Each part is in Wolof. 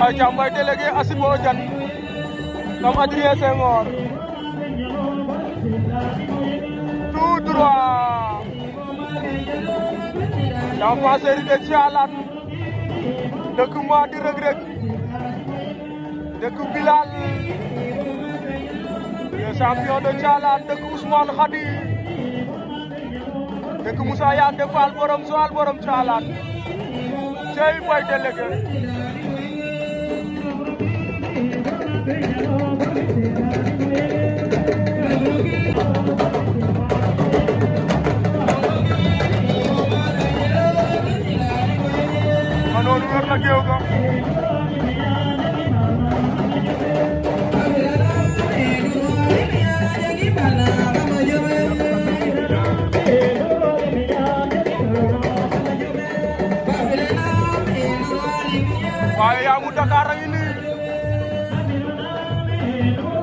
ay càmbay délégué Assane moo jot comme Adrien Senghor tout droit L'enfant série de Thialat dëkk moi di Reug Reug dëkk Bilal le champion de Thialat dëkk Ousmane Khady dëkk Moussa Yande Fall borom Joal borom Thialat cey bay délégué loolu wër na géew ko waaye yaa mu Dakar a ngi nii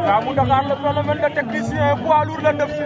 yaa mu Dakar le phénomène de technicien poids lourd la def si